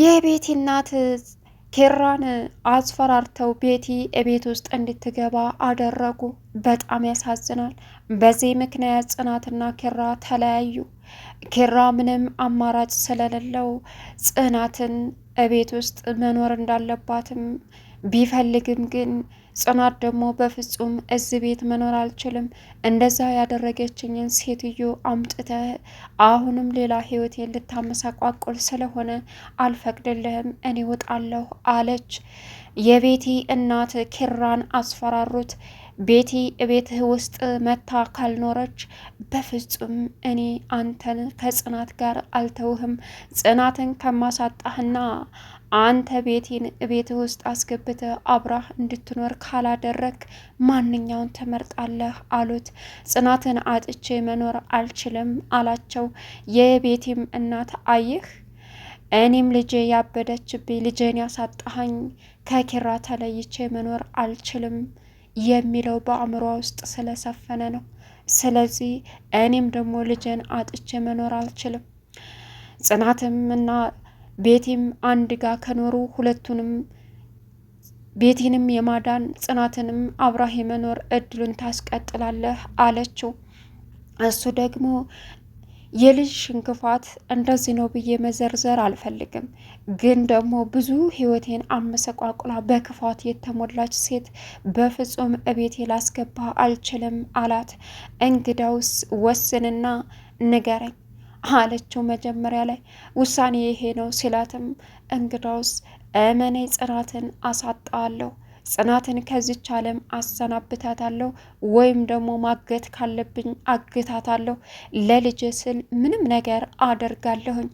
የቤቲ እናት ኬራን አስፈራርተው ቤቲ ቤት ውስጥ እንድትገባ አደረጉ። በጣም ያሳዝናል። በዚህ ምክንያት ጽናትና ኬራ ተለያዩ። ኬራ ምንም አማራጭ ስለሌለው ጽናትን እቤት ውስጥ መኖር እንዳለባትም ቢፈልግም ግን ጽናት ደግሞ በፍጹም እዚህ ቤት መኖር አልችልም፣ እንደዛ ያደረገችኝን ሴትዮ አምጥተህ አሁንም ሌላ ህይወቴን ልታመሳቋቁል ስለሆነ አልፈቅድልህም፣ እኔ ወጣለሁ አለች። የቤቲ እናት ኪራን አስፈራሩት። ቤቲ ቤትህ ውስጥ መታ ካልኖረች በፍጹም እኔ አንተን ከጽናት ጋር አልተውህም። ጽናትን ከማሳጣህና አንተ ቤቴን ቤት ውስጥ አስገብተ አብራህ እንድትኖር ካላደረግ ማንኛውን ተመርጣለህ አሉት። ጽናትን አጥቼ መኖር አልችልም አላቸው። የቤቴም እናት አየህ፣ እኔም ልጄ ያበደችብኝ፣ ልጄን ያሳጣሃኝ፣ ከኪራ ተለይቼ መኖር አልችልም የሚለው በአእምሯ ውስጥ ስለሰፈነ ነው። ስለዚህ እኔም ደግሞ ልጄን አጥቼ መኖር አልችልም ጽናትም እና ቤቲም አንድ ጋ ከኖሩ ሁለቱንም ቤቲንም የማዳን ጽናትንም አብራህ የመኖር እድሉን ታስቀጥላለህ አለችው። እሱ ደግሞ የልጅ ሽንክፋት እንደዚህ ነው ብዬ መዘርዘር አልፈልግም፣ ግን ደግሞ ብዙ ህይወቴን አመሰቋቁላ በክፋት የተሞላች ሴት በፍጹም እቤቴ ላስገባ አልችልም አላት። እንግዳውስ ወስንና ንገረኝ አለችው። መጀመሪያ ላይ ውሳኔ ይሄ ነው ሲላትም እንግዳውስ እመኔ ጽናትን አሳጣዋለሁ ጽናትን ከዚች ዓለም አሰናብታታለሁ፣ ወይም ደግሞ ማገት ካለብኝ አግታታለሁ፣ ለልጄ ስል ምንም ነገር አደርጋለሁኝ።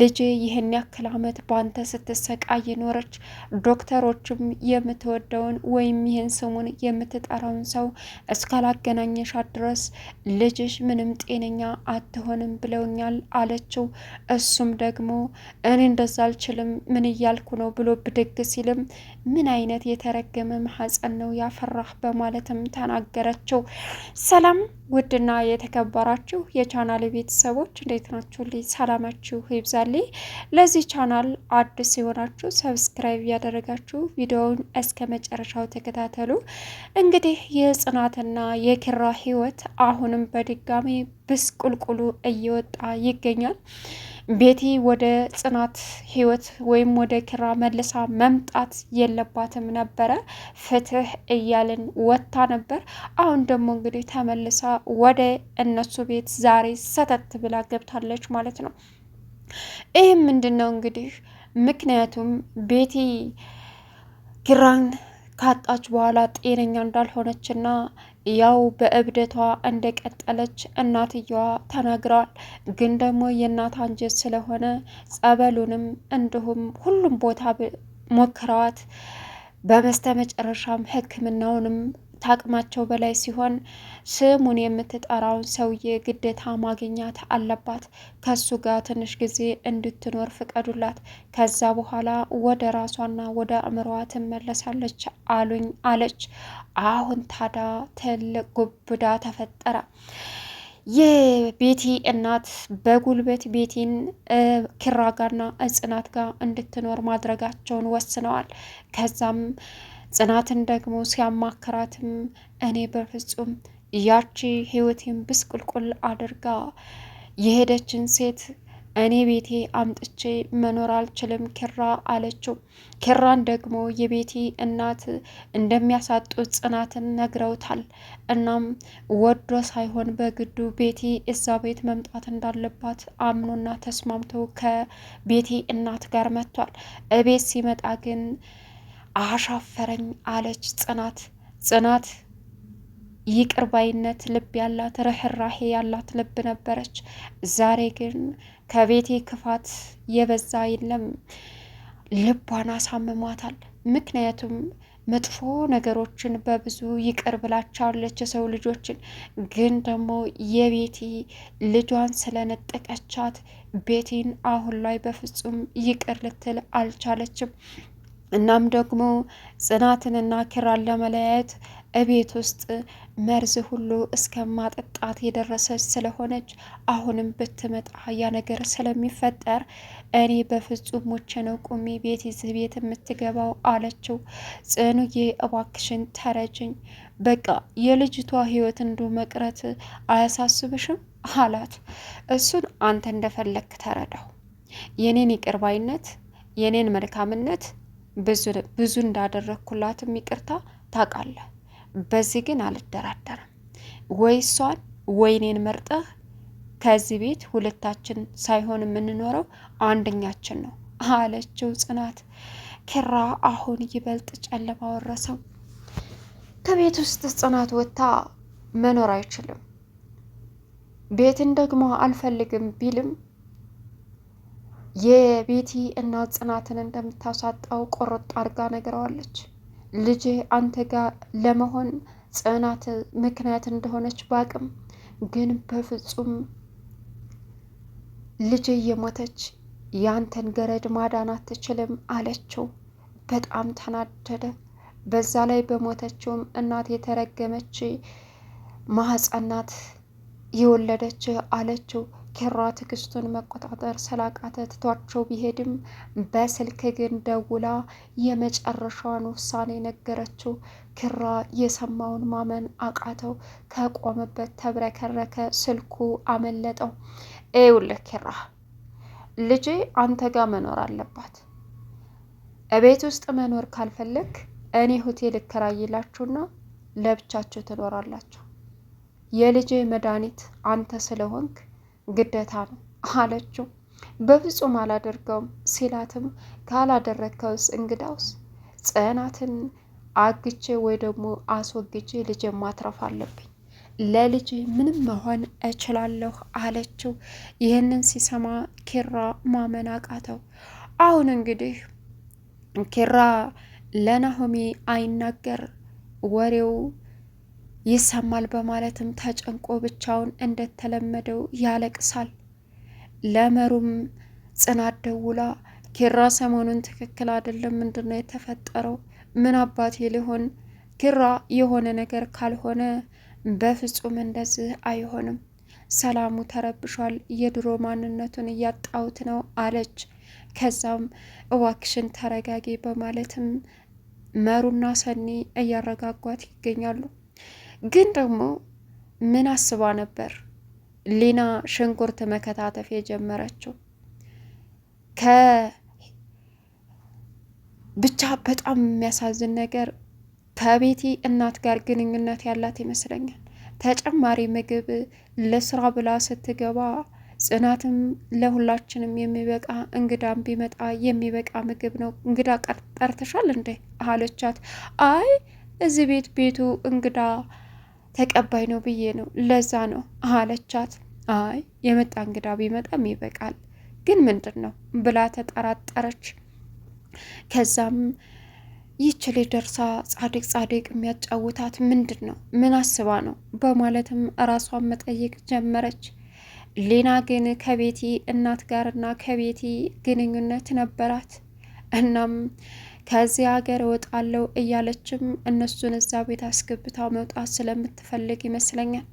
ልጄ ይህን ያክል አመት ባንተ ስትሰቃይ ኖረች። ዶክተሮችም የምትወደውን ወይም ይህን ስሙን የምትጠራውን ሰው እስካላገናኘሻት ድረስ ልጅሽ ምንም ጤነኛ አትሆንም ብለውኛል አለችው። እሱም ደግሞ እኔ እንደዛ አልችልም ምን እያልኩ ነው ብሎ ብድግ ሲልም ምን አይነት የተረ የተረገመ ማህፀን ነው ያፈራህ በማለትም ተናገረችው። ሰላም ውድና የተከበራችሁ የቻናል ቤተሰቦች እንዴት ናችሁ? ልይ ሰላማችሁ ይብዛልኝ። ለዚህ ቻናል አዲስ የሆናችሁ ሰብስክራይብ ያደረጋችሁ ቪዲዮውን እስከ መጨረሻው ተከታተሉ። እንግዲህ የጽናትና የኪራ ህይወት አሁንም በድጋሚ ብስቁልቁሉ እየወጣ ይገኛል። ቤቲ ወደ ጽናት ህይወት ወይም ወደ ኪራ መልሳ መምጣት የለባትም ነበረ። ፍትህ እያልን ወጥታ ነበር። አሁን ደግሞ እንግዲህ ተመልሳ ወደ እነሱ ቤት ዛሬ ሰተት ብላ ገብታለች ማለት ነው። ይህም ምንድን ነው እንግዲህ ምክንያቱም ቤቲ ኪራን ካጣች በኋላ ጤነኛ እንዳልሆነችና ያው በእብደቷ እንደቀጠለች እናትየዋ ተናግረዋል። ግን ደግሞ የእናት አንጀት ስለሆነ ጸበሉንም እንዲሁም ሁሉም ቦታ ሞክረዋት በመስተ መጨረሻም ሕክምናውንም ታቅማቸው በላይ ሲሆን ስሙን የምትጠራውን ሰውዬ ግዴታ ማግኘት አለባት። ከሱ ጋር ትንሽ ጊዜ እንድትኖር ፍቀዱላት። ከዛ በኋላ ወደ ራሷና ወደ አእምሯ ትመለሳለች አሉኝ አለች። አሁን ታዳ ትልቅ ጉብዳ ተፈጠረ። የቤቲ እናት በጉልበት ቤቲን ኪራጋና እጽናት ጋር እንድትኖር ማድረጋቸውን ወስነዋል። ከዛም ጽናትን ደግሞ ሲያማከራትም እኔ በፍጹም ያቺ ህይወቴን ብስቁልቁል አድርጋ የሄደችን ሴት እኔ ቤቴ አምጥቼ መኖር አልችልም ኪራ አለችው። ኪራን ደግሞ የቤቴ እናት እንደሚያሳጡት ጽናትን ነግረውታል። እናም ወዶ ሳይሆን በግዱ ቤቴ እዛ ቤት መምጣት እንዳለባት አምኖና ተስማምቶ ከቤቴ እናት ጋር መጥቷል። እቤት ሲመጣ ግን አሻፈረኝ አለች ጽናት። ጽናት ይቅር ባይነት ልብ ያላት ርኅራሄ ያላት ልብ ነበረች። ዛሬ ግን ከቤቴ ክፋት የበዛ የለም ልቧን አሳምሟታል። ምክንያቱም መጥፎ ነገሮችን በብዙ ይቅር ብላቻለች የሰው ልጆችን፣ ግን ደግሞ የቤቲ ልጇን ስለነጠቀቻት ቤቲን አሁን ላይ በፍጹም ይቅር ልትል አልቻለችም። እናም ደግሞ ጽናትንና ኪራን ለመለያየት እቤት ውስጥ መርዝ ሁሉ እስከ ማጠጣት የደረሰች ስለሆነች አሁንም ብትመጣ ያ ነገር ስለሚፈጠር እኔ በፍጹም ሞቼ ነው ቁሚ ቤት ይዝህ ቤት የምትገባው አለችው። ጽኑዬ እባክሽን ተረጅኝ፣ በቃ የልጅቷ ህይወት እንዱ መቅረት አያሳስብሽም አላት። እሱን አንተ እንደፈለግ ተረዳው። የኔን ይቅርባይነት የኔን መልካምነት ብዙ እንዳደረግኩላትም ይቅርታ ታውቃለህ። በዚህ ግን አልደራደርም። ወይ እሷን ወይ እኔን መርጠህ ከዚህ ቤት ሁለታችን ሳይሆን የምንኖረው አንደኛችን ነው አለችው ጽናት። ኪራ አሁን ይበልጥ ጨለማ ወረሰው። ከቤት ውስጥ ጽናት ወጥታ መኖር አይችልም። ቤትን ደግሞ አልፈልግም ቢልም የቤቲ እናት ጽናትን እንደምታሳጣው ቆርጥ አድርጋ ነገረዋለች። ልጄ አንተ ጋር ለመሆን ጽናት ምክንያት እንደሆነች ባቅም ግን በፍጹም ልጄ እየሞተች ያንተን ገረድ ማዳን አትችልም አለችው። በጣም ተናደደ። በዛ ላይ በሞተችውም እናት የተረገመች ማህፀናት የወለደች አለችው። ኪራ ትዕግስቱን መቆጣጠር ስላቃተ ትቷቸው ቢሄድም በስልክ ግን ደውላ የመጨረሻዋን ውሳኔ ነገረችው። ኪራ የሰማውን ማመን አቃተው። ከቆመበት ተብረከረከ፣ ስልኩ አመለጠው። ይኸውልህ ኪራ ልጄ አንተ ጋር መኖር አለባት። እቤት ውስጥ መኖር ካልፈለግ እኔ ሆቴል እከራይላችሁና ለብቻችሁ ትኖራላችሁ። የልጄ መድኃኒት አንተ ስለሆንክ ግደታ ነው አለችው። በፍጹም አላደርገውም ሲላትም ካላደረግከውስ እንግዳውስ ጽናትን አግቼ ወይ ደግሞ አስወግቼ ልጅ ማትረፍ አለብኝ ለልጅ ምንም መሆን እችላለሁ አለችው። ይህንን ሲሰማ ኪራ ማመን አቃተው። አሁን እንግዲህ ኪራ ለናሆሚ አይናገር ወሬው ይሰማል በማለትም ተጨንቆ ብቻውን እንደተለመደው ያለቅሳል። ለመሩም ጽናት ደውላ ኪራ ሰሞኑን ትክክል አይደለም፣ ምንድን ነው የተፈጠረው? ምን አባቴ ሊሆን ኪራ የሆነ ነገር ካልሆነ በፍጹም እንደዚህ አይሆንም። ሰላሙ ተረብሿል፣ የድሮ ማንነቱን እያጣሁት ነው አለች። ከዛም እዋክሽን ተረጋጊ በማለትም መሩና ሰኒ እያረጋጓት ይገኛሉ። ግን ደግሞ ምን አስባ ነበር ሊና ሽንኩርት መከታተፍ የጀመረችው? ከብቻ በጣም የሚያሳዝን ነገር ከቤቲ እናት ጋር ግንኙነት ያላት ይመስለኛል። ተጨማሪ ምግብ ለስራ ብላ ስትገባ ጽናትም ለሁላችንም የሚበቃ እንግዳም ቢመጣ የሚበቃ ምግብ ነው፣ እንግዳ ጠርተሻል እንዴ አለቻት። አይ እዚህ ቤት ቤቱ እንግዳ ተቀባይ ነው ብዬ ነው ለዛ ነው አለቻት። አይ የመጣ እንግዳ ቢመጣም ይበቃል፣ ግን ምንድን ነው ብላ ተጠራጠረች። ከዛም ይች ልጅ ደርሳ ጻድቅ ጻድቅ የሚያጫውታት ምንድን ነው ምን አስባ ነው በማለትም ራሷን መጠየቅ ጀመረች። ሌና ግን ከቤቲ እናት ጋርና ከቤቲ ግንኙነት ነበራት እናም ከዚህ ሀገር እወጣለሁ እያለችም እነሱን እዛ ቤት አስገብታ መውጣት ስለምትፈልግ ይመስለኛል።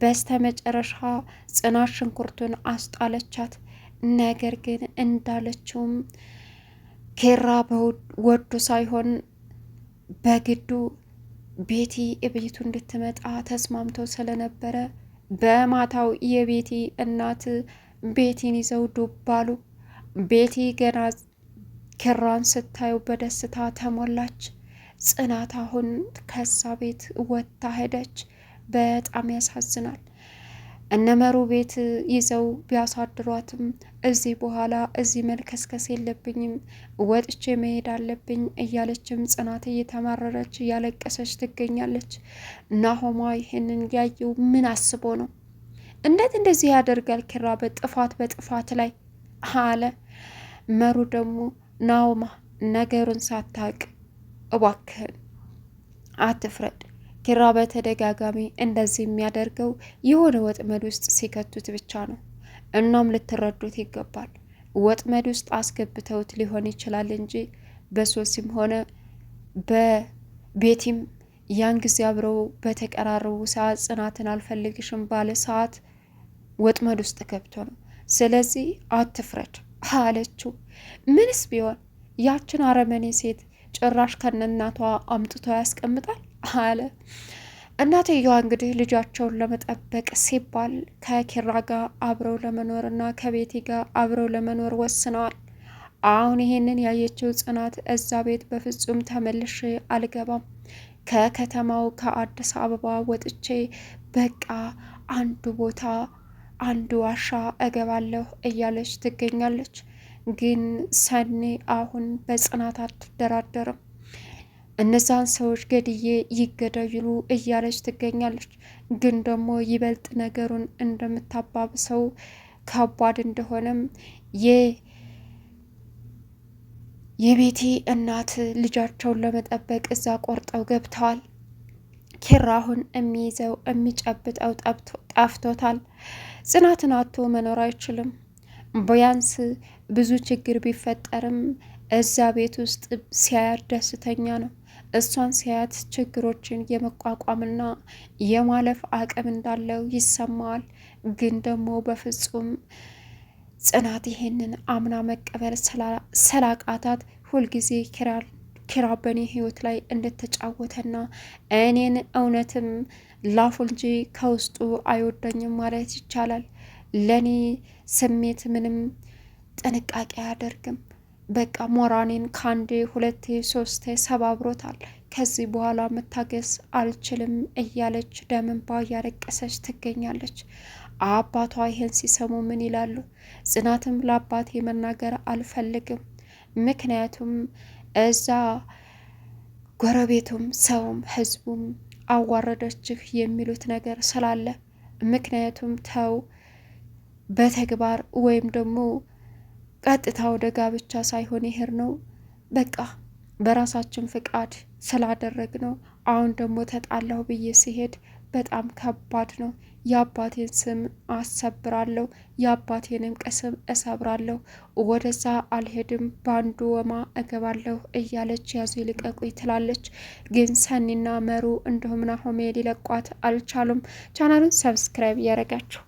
በስተ መጨረሻ ጽናት ሽንኩርቱን አስጣለቻት። ነገር ግን እንዳለችውም ኬራ ወዱ ሳይሆን በግዱ ቤቲ እቤቱ እንድትመጣ ተስማምቶ ስለነበረ በማታው የቤቲ እናት ቤቲን ይዘው ዱብ አሉ። ቤቲ ገና ኪራን ስታዩ በደስታ ተሞላች። ጽናት አሁን ከዛ ቤት ወጥታ ሄደች። በጣም ያሳዝናል። እነመሩ ቤት ይዘው ቢያሳድሯትም እዚህ በኋላ እዚህ መልከስከስ የለብኝም ወጥቼ መሄድ አለብኝ እያለችም ጽናት እየተማረረች እያለቀሰች ትገኛለች። ናሆማ ይህንን ያየው ምን አስቦ ነው? እንዴት እንደዚህ ያደርጋል? ኪራ በጥፋት በጥፋት ላይ አለ። መሩ ደግሞ ናውማ ነገሩን ሳታቅ እባክህን አትፍረድ። ኪራ በተደጋጋሚ እንደዚህ የሚያደርገው የሆነ ወጥመድ ውስጥ ሲከቱት ብቻ ነው። እናም ልትረዱት ይገባል። ወጥመድ ውስጥ አስገብተውት ሊሆን ይችላል እንጂ በሶሲም ሆነ በቤቲም ያን ጊዜ አብረው በተቀራረቡ ሰዓት ጽናትን አልፈልግሽም ባለ ሰዓት ወጥመድ ውስጥ ገብቶ ነው። ስለዚህ አትፍረድ። አለችው። ምንስ ቢሆን ያችን አረመኔ ሴት ጭራሽ ከነእናቷ አምጥቶ ያስቀምጣል አለ። እናትየዋ እንግዲህ ልጃቸውን ለመጠበቅ ሲባል ከኪራ ጋር አብረው ለመኖርና ከቤቲ ጋር አብረው ለመኖር ወስነዋል። አሁን ይሄንን ያየችው ጽናት እዛ ቤት በፍጹም ተመልሼ አልገባም፣ ከከተማው ከአዲስ አበባ ወጥቼ በቃ አንዱ ቦታ አንዱ ዋሻ እገባለሁ እያለች ትገኛለች። ግን ሰኔ አሁን በጽናት አትደራደርም። እነዛን ሰዎች ገድዬ ይገደሉ እያለች ትገኛለች። ግን ደግሞ ይበልጥ ነገሩን እንደምታባብሰው ከባድ እንደሆነም የቤቴ እናት ልጃቸውን ለመጠበቅ እዛ ቆርጠው ገብተዋል። ኪራሁን እሚይዘው የሚይዘው የሚጨብጠው ጠፍቶታል። ጽናትን አቶ መኖር አይችልም። ቢያንስ ብዙ ችግር ቢፈጠርም እዛ ቤት ውስጥ ሲያያት ደስተኛ ነው። እሷን ሲያያት ችግሮችን የመቋቋምና የማለፍ አቅም እንዳለው ይሰማዋል። ግን ደግሞ በፍጹም ጽናት ይሄንን አምና መቀበል ስላቃታት ሁልጊዜ ኪራል ኪራ በእኔ ህይወት ላይ እንደተጫወተና እኔን እውነትም ላፉ እንጂ ከውስጡ አይወደኝም ማለት ይቻላል። ለእኔ ስሜት ምንም ጥንቃቄ አያደርግም። በቃ ሞራኔን ከአንዴ ሁለቴ ሶስቴ ሰባብሮታል። ከዚህ በኋላ መታገስ አልችልም እያለች ደም እንባ እያለቀሰች ትገኛለች። አባቷ ይህን ሲሰሙ ምን ይላሉ? ጽናትም ለአባቴ መናገር አልፈልግም ምክንያቱም እዛ ጎረቤቱም ሰውም ህዝቡም አዋረደችህ የሚሉት ነገር ስላለ ምክንያቱም ተው በተግባር ወይም ደግሞ ቀጥታ ወደ ጋብቻ ሳይሆን ይሄር ነው በቃ በራሳችን ፍቃድ ስላደረግ ነው። አሁን ደግሞ ተጣላሁ ብዬ ሲሄድ በጣም ከባድ ነው። የአባቴን ስም አሰብራለሁ፣ የአባቴንም ቅስም እሰብራለሁ፣ ወደዛ አልሄድም፣ በአንዱ ወማ እገባለሁ እያለች ያዙ ይልቀቁኝ ትላለች። ግን ሰኒና መሩ እንዲሁም ናሆሜ ሊለቋት አልቻሉም። ቻናሉን ሰብስክራይብ ያደረጋችሁ